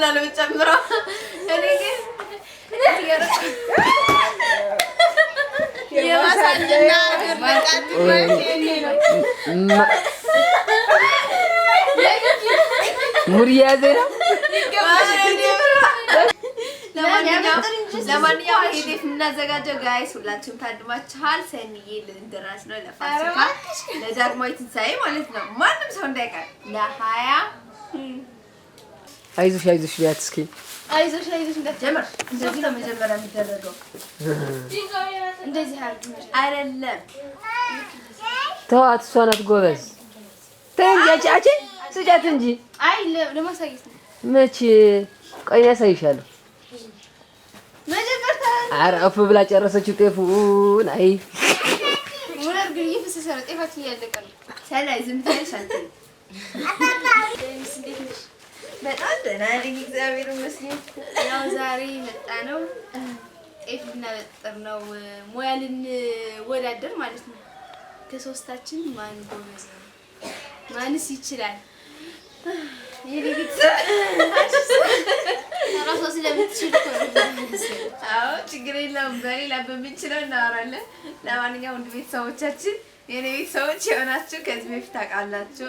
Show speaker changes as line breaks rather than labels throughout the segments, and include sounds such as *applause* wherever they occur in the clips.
ብላ ነው የምትጨምረው። እኔ ግን ሙድ እየያዘ ነው። ለማንኛውም ሄዴፍ እናዘጋጀው ጋይስ ሁላችሁም ታድማችኋል። ሰኒዬ ልንደራስ ነው ለፋሲካ ለዳግማዊ ትንሣኤ ማለት ነው። ማንም ሰው እንዳይቀር ለሀያ
አይዞሽ አይዞሽ ቢያት እስኪ
አይዞሽ አይዞሽ እንዳትጀምር። እንደዚህ ነው መጀመሪያ የሚደረገው። እንደዚህ አይደለም።
ተዋት፣ እሷ ናት ጎበዝ። ተይ እንጂ አንቺ አንቺ ስጫት እንጂ።
አይ ለማሳየት ነው።
መቼ ቆይ ያሳይሻለሁ። ኧረ እፍ ብላ ጨረሰችው ጤፉን። አይ
ሙለር ግን ይፍስ ሰራ ጤፋችን እያለቀ ነው። ሰላይ ዝም ብለሽ አንተ በጣም ደህና ነኝ፣ እግዚአብሔር ይመስገን። ያው ዛሬ መጣ ነው ጤፍ ልናበጥር ነው፣ ሙያ ልንወዳደር ማለት ነው። ከሶስታችን ማን ጎበዝ ነው? ማንስ ይችላል? ራሷ ስለምትችል አዎ፣ ችግር የለውም። በሌላ በምንችለው እናወራለን። ለማንኛውም ውድ ቤተሰቦቻችን የኔ ቤተሰቦች የሆናችሁ ከዚህ በፊት ታውቃላችሁ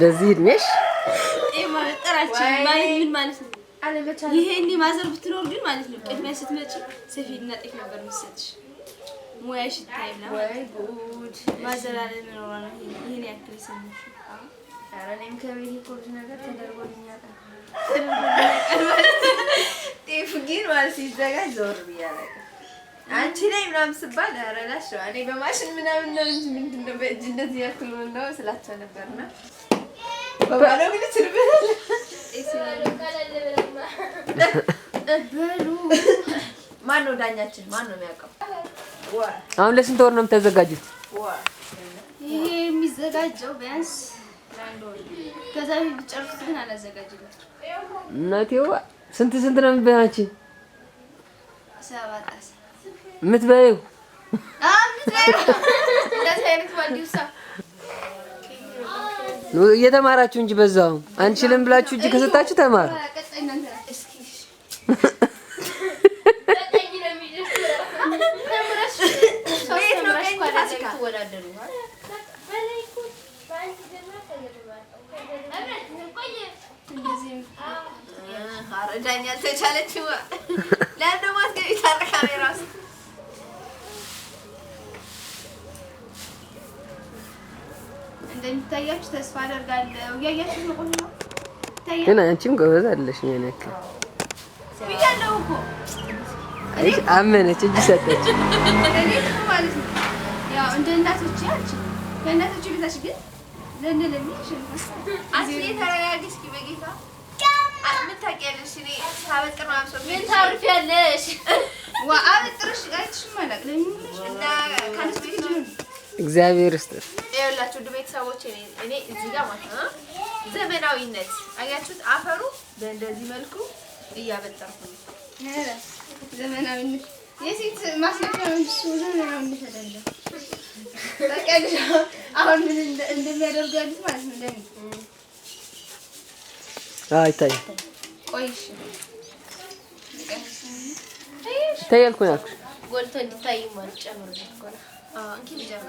በዚህ እድሜሽ
ይሄኔ ማዘር ብትኖር ግን ማለት ነው ቅድሚያ ስትመጪ ሰፊድና ጤፍ ነበር የምትሰጥሽ። ሙያሽ ይታይና ማዘር አለመኖሯ ነው ይሄን ያክል የሰማሁሽ። *laughs* ጤፍ ግን ማለት ሲዘጋጅ ዘወር ብያለሁ። አንቺ ላይ ምናምን ስባል አረላሽ ላሸዋ እኔ በማሽን ምናምን ነው እንጂ ምንድን ነው በእጅ እንደዚህ ያክል ነው ስላቸው ነበርና በባለው ግን ችልብላል ማን ነው ዳኛችን? ማን ነው የሚያውቀው?
አሁን ለስንት ወር ነው የምታዘጋጁት?
ይሄ የሚዘጋጀው ቢያንስ ከዛ ቢጨርሱት ግን አላዘጋጅላችሁ
እናቴዋ ስንት ስንት ነው የሚበላችሁ? የምትበይው እየተማራችሁ እንጂ በዛው አንችልም ብላችሁ እጅ ከሰጣችሁ ተማሩ።
ተቻለችዋ ተስፋ አደርጋለሁ። እያያችሁ ነው። ቆንጆ
ግን አንቺም ጎበዝ ያክል እኮ አመነች፣ እጅ ሰጠች።
እንደ እናቶች ከእናቶች ግን
እግዚአብሔር ይስጥ
ይላችሁ ውድ ቤተሰቦች፣ እኔ እዚህ ጋር ማለት ነው ዘመናዊነት አያችሁት። አፈሩ በእንደዚህ መልኩ እያበጠርኩ ዘመናዊነት የሴት ማስለቂያ ነው እሱ። ዘመናዊነት አይደለም። በቃ አሁን ምን እንደሚያደርጉ ያሉት ማለት ነው። ለኔ
አይታይ ቆይሽ ተየልኩ ያልኩሽ
ጎልቶ እንዲታይ ማለት ጨምር ነው anche mi già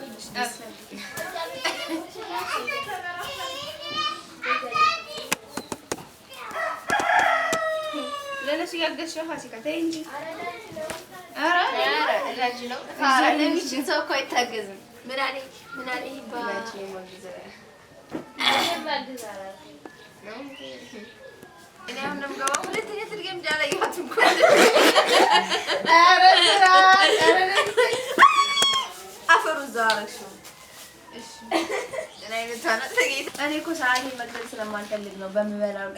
لأن شو قاعد أشوفها شو قاعد تيجي أرى أرى الرجل فأنا مش سو كوي تجزم من عليه من عليه با ما جزر ما جزر እኔ አሁን ነው የምገባው። ሁለተኛ ትድገም ጃላ ይባትም ኮ ኧረ ስራ ኧረ አፈሩ እዛው አደረግሽው። *laughs* እኔ እኮ ሰዓት መግደል ስለማልፈልግ ነው በምበላው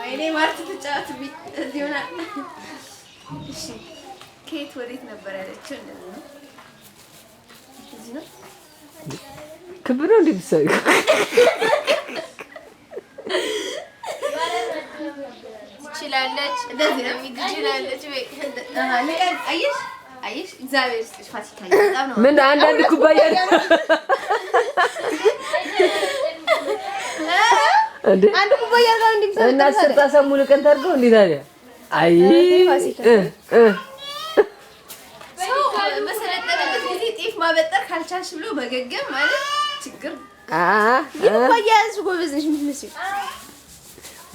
ወይኔ ማርት ትጫወት ሆና ከየት ወዴት ነበር ያለችው? እንደዚህ ነው
እዚህ ነው ክብ ነው
ትላለች፣ ትላለች። አየሽ አየሽ፣ እግዚአብሔር ይስጥሽ ፋሲካ።
ምን አንዳንድ ኩባያ
አንድ ኩባያ
እና ስርጣ ሰሙን ቀን ታድርገው እንዴ ታዲያ። አይ
በሰለጠነበት ጊዜ ጤፍ ማበጠር ካልቻልሽ ብሎ መገገም ማለት ችግር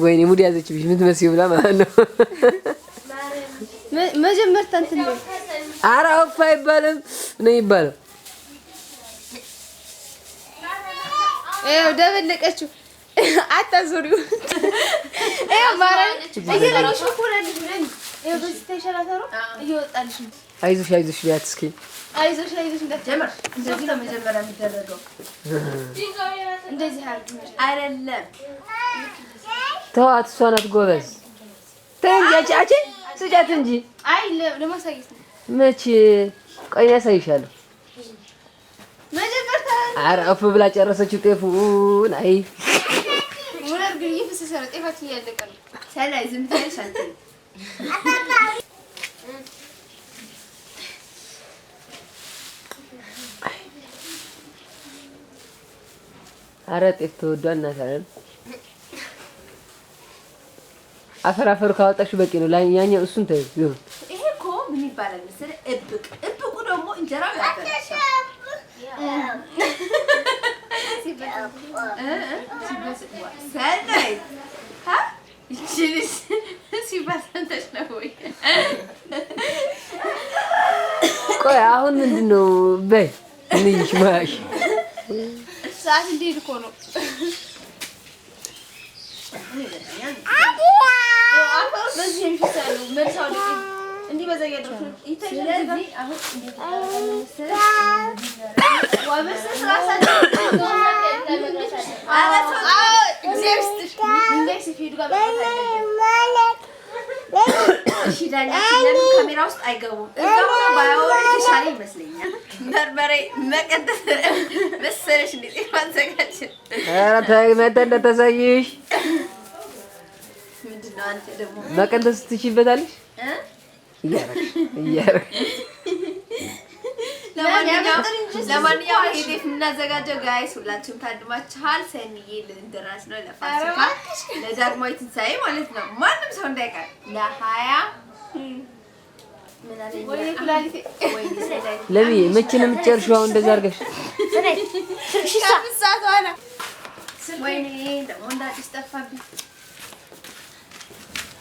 ወይኔ ሙድ ያዘችብኝ የምትመስይው ብላ ማለት ነው።
መጀመር ታንትን
ኧረ ወፍ አይባልም ነው ይባላል።
ይኸው ደበለቀችው። አታዞሪው
አይዞሽ አይዞሽ ቢያት እስኪ
አይዞሽ አይዞሽ እንዳትጀምር። እንደዚህ ነው መጀመሪያ የሚደረገው። እንደዚህ አይደለም
ተዋት፣ እሷ ናት ጎበዝ። ተይ ስጫት እንጂ።
አይ ለማሳየት
መቼ ቆይ ያሳይሻለሁ
አሳይሻለሁ።
ኧረ እፍ ብላ ጨረሰችው ጤፉን። አይ ኧረ ጤፍ ተወዷል እናት አፈራፈሩ ካወጣሽ በቂ ነው። ያኛው እሱን ተይው። ይሁን
ይሄ እኮ ምን ይባላል መሰለህ? እብቅ እብቁ ደግሞ እንጀራ
ቆይ አሁን ምንድን ነው? በይ እንይሽ ማሽ
ሰዓት እንዴት እኮ ነው በዚህ ካሜራ ውስጥ አይገቡም። ባያወራ የተሻለ ይመስለኛል። በርበሬ መቀጠል መሰለሽ እንደ ጤፍ አዘጋጅ
ኧረ ተይ መተን እንደተሰይሽ መቀነስ ትችይበታለሽ።
ለማንኛውም የምናዘጋጀው ጋይስ ሁላችሁም ታድማችኋል። ሰኒዬ ልንደራስ ነው ለፋሲካ ለዳግማዊ ትንሣኤ ማለት ነው። ማንም ሰው እንዳይቀር ለሀያ
ለምዬ መቼ ነው የምትጨርሺው? አሁን እንደዛ አድርገሽ
ወይኔ ደግሞ ጠፋብኝ።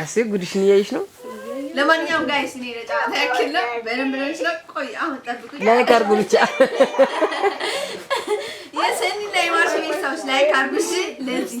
አስቤ ጉድሽን እያየሽ ነው።
ለማንኛውም ጋይስ እኔ ለጨዋታ ያክል ነው። በደንብ ነው ይችላል። ቆይ አሁን ጠብቁኝ።
ላይክ አድርጉ ብቻ
የሰኒ ላይ ማርሽ ቤተሰቦች ላይክ አድርጉ። እሺ ለዚህ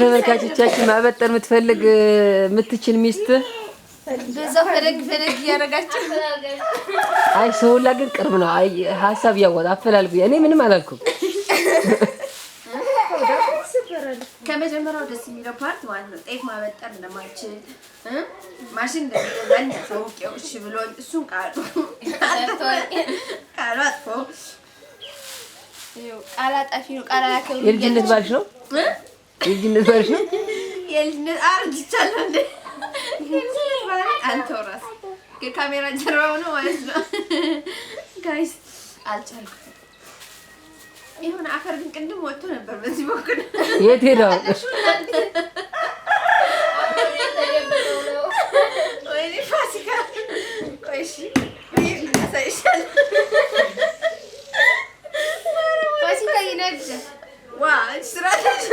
ለተመልካቾቻችን ማበጠር የምትፈልግ የምትችል ሚስት
በዛው ፈለግ ፈለግ እያደረጋችሁ።
አይ ሰው ሁላ ግን ቅርብ ነው። አይ ሀሳብ እያወጣ አፈላልጉ። እኔ ምንም አላልኩም።
ከመጀመሪያው ደስ የሚለው ፓርት ማለት ነው ጤፍ ማበጠር እንደማልችል ማሽን እንደሚገዛኝ አሳውቄው እሺ ብሎኝ እሱን ቃሉ ቃሉ አጥፎ ቃል አጣፊ ነው። ቃል አላከብርም።
የልጅነት ባልሽ ነው የልጅነት ባልሽ ነው።
የልጅነት አርጅቻለሁ እንዴ! የልጅነት ባል አንተው ራስህ ከካሜራ ጀርባ ነው ማለት ነው። ጋይስ አልቻልኩም። የሆነ አፈር ግን ቅድም ወጥቶ ነበር በዚህ በኩል የት ሄደው ወይኔ ፋሲካ ቆይ እሺ ይሄን ያሳይሻል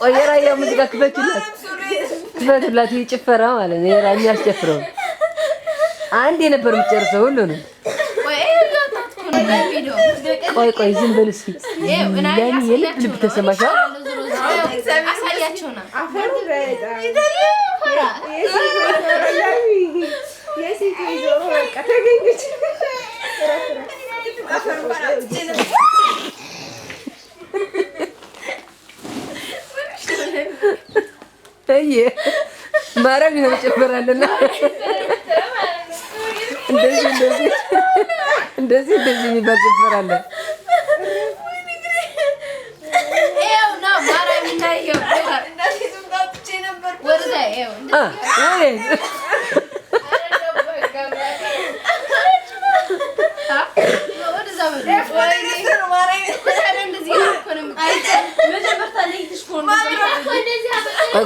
ቆይ የራያ ሙዚቃ ክፈትላት፣ ክፈትላት። ጭፈራ ማለት ነው። የራያ የሚያስጨፍረው አንዴ ነበር የምትጨርሰው ሁሉንም። ቆይ ቆይ ዝም በል እስኪ። የልብ ልብ ተይ ማረግ ነው ጨምራለና እንደዚህ እንደዚህ እንደዚህ እንደዚህ የሚባል ጭፈራ አለ።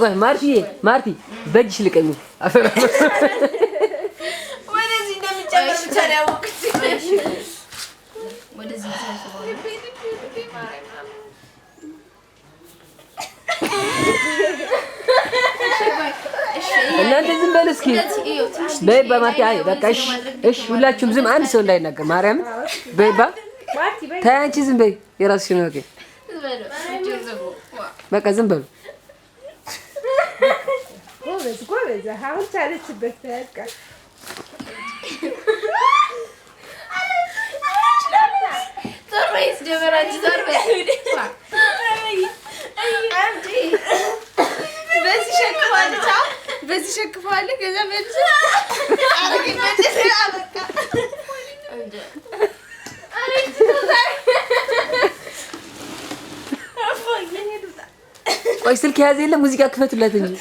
ቆይ ማርቲ ማርቲ በእጅሽ ልቀኝ። እናንተ ዝም በል እስኪ በይባ ማርቲ። አይ በቃ እሺ፣ እሺ፣ ሁላችሁም ዝም፣ አንድ ሰው እንዳይናገር። ማርያምን በይባ ተይ፣ አንቺ ዝም በይ፣ የራስሽን ነው። በቃ ዝም በሉ
ጎበዝ ጎበዝ። አሁን ቻለችበት። በቃ በዚህ ሸክፈዋለች። ከዛ
ቆይ ስልክ የያዘ የለም ሙዚቃ ክፈቱላት እንጂ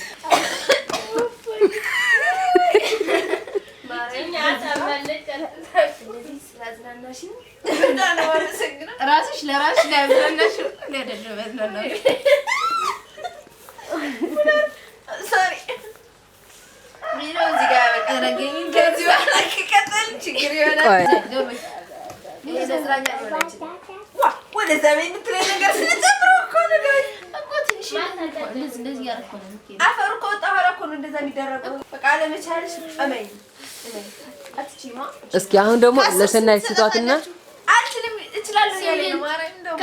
ራስሽ ለራስሽ ነገር ችግር አፈር እኮ ወጣ ኋላ እኮ ነው እንደዛ የሚደረገው። በቃ አለመቻልሽ እመኝ
እስኪ አሁን ደግሞ ለሰናይ ስጧትና አልችልም እችላለሁ እያለኝ ነው።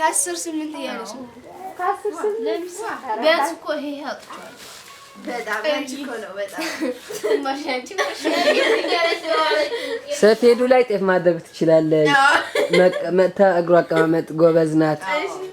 ከአስር ስምንት እያለች ነው። ቢያንስ እኮ ይሄ ያውጥቸዋል።
*laughs* ላይ ጤፍ ማድረግ ትችላለች። እግሯ አቀማመጥ ጎበዝ ናት።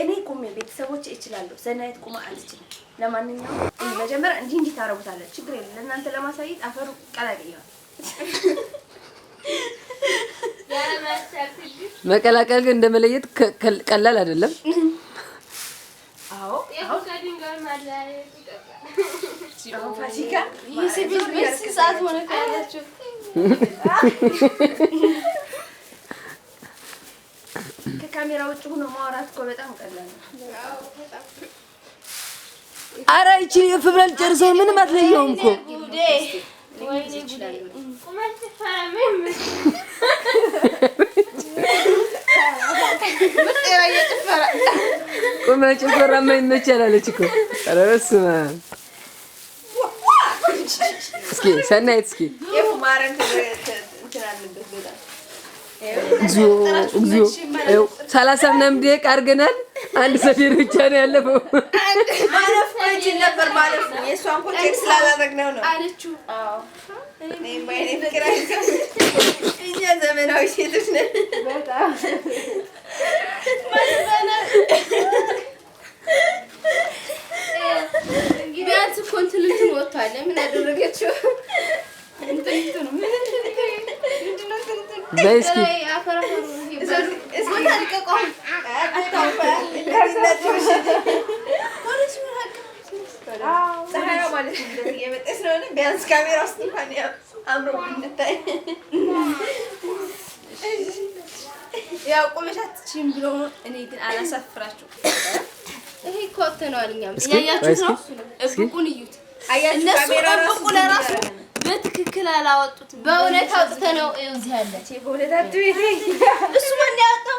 እኔ ቁሜ ቤተሰቦች እችላለሁ። ሰናይት ቁማ አልችልም። ለማንኛውም መጀመሪያ እንዲህ እንዲህ ታረጉታለች። ችግር የለም። ለእናንተ ለማሳየት አፈሩ ቀላቅያለሁ።
መቀላቀል ግን እንደመለየት ቀላል አይደለም።
አዎ ካሜራ ውጭ ሆኖ ማውራት እኮ በጣም ቀላል ነው።
ኧረ ይቺ እፍ ብለን ምንም አትለየውም
እኮ ቁመ
ጭፈራ ማይመቻል አለች እኮ። ኧረ በስመ አብ እስኪ ሰናይት እስኪ እግዚኦ እግዚኦ ሰላሳ ምናምን ደቂቃ አድርገናል። አንድ ሰፌድ ብቻ ነው ያለፈው።
ቢያንስ እኮ እንትን ልጁን ወጥቷል። ምን አደረገችው? ቢያንስ ካሜራ ውስጥ እንኳን ያው ቁመሽ አትችይም ብሎ እኔ ግን አላሳፍራችሁም። ይሄ እኮ ወጥተነዋል። እኛም እያያችሁት ነው። እብቁን እዩት። እነሱ እብቁ ለራሱ በትክክል አላወጡትም። በእውነት አውጥተነው እዚህ አለ። እሱ ማን ያወጣው?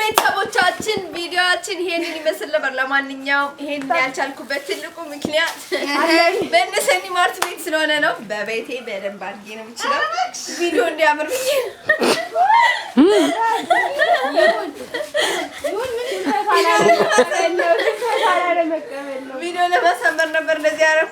ቤተሰቦቻችን ቪዲዮችን ይሄንን ይመስል ነበር። ለማንኛውም ይሄንን ያልቻልኩበት ትልቁ ምክንያት በእነ ማርት ቤት ስለሆነ ነው። በቤቴ በደንብ አድርጌ ነው የምችለው ቪዲዮ እንዲያምር ብዬ ቪዲዮ ለማሳመር ነበር እንደዚህ ያደረኩት።